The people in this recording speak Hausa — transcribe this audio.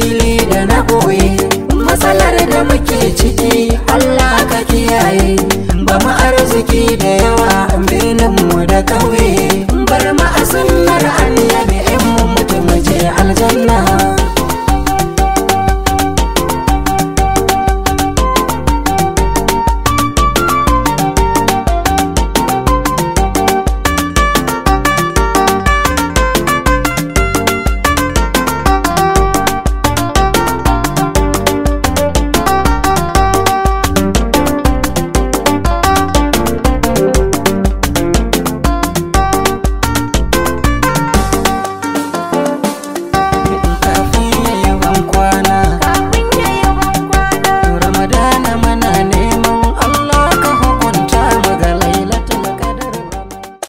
fili da na boye matsalar da muke ciki Allah ka kiyaye ba mu arziki da yawa birnin mu da kauye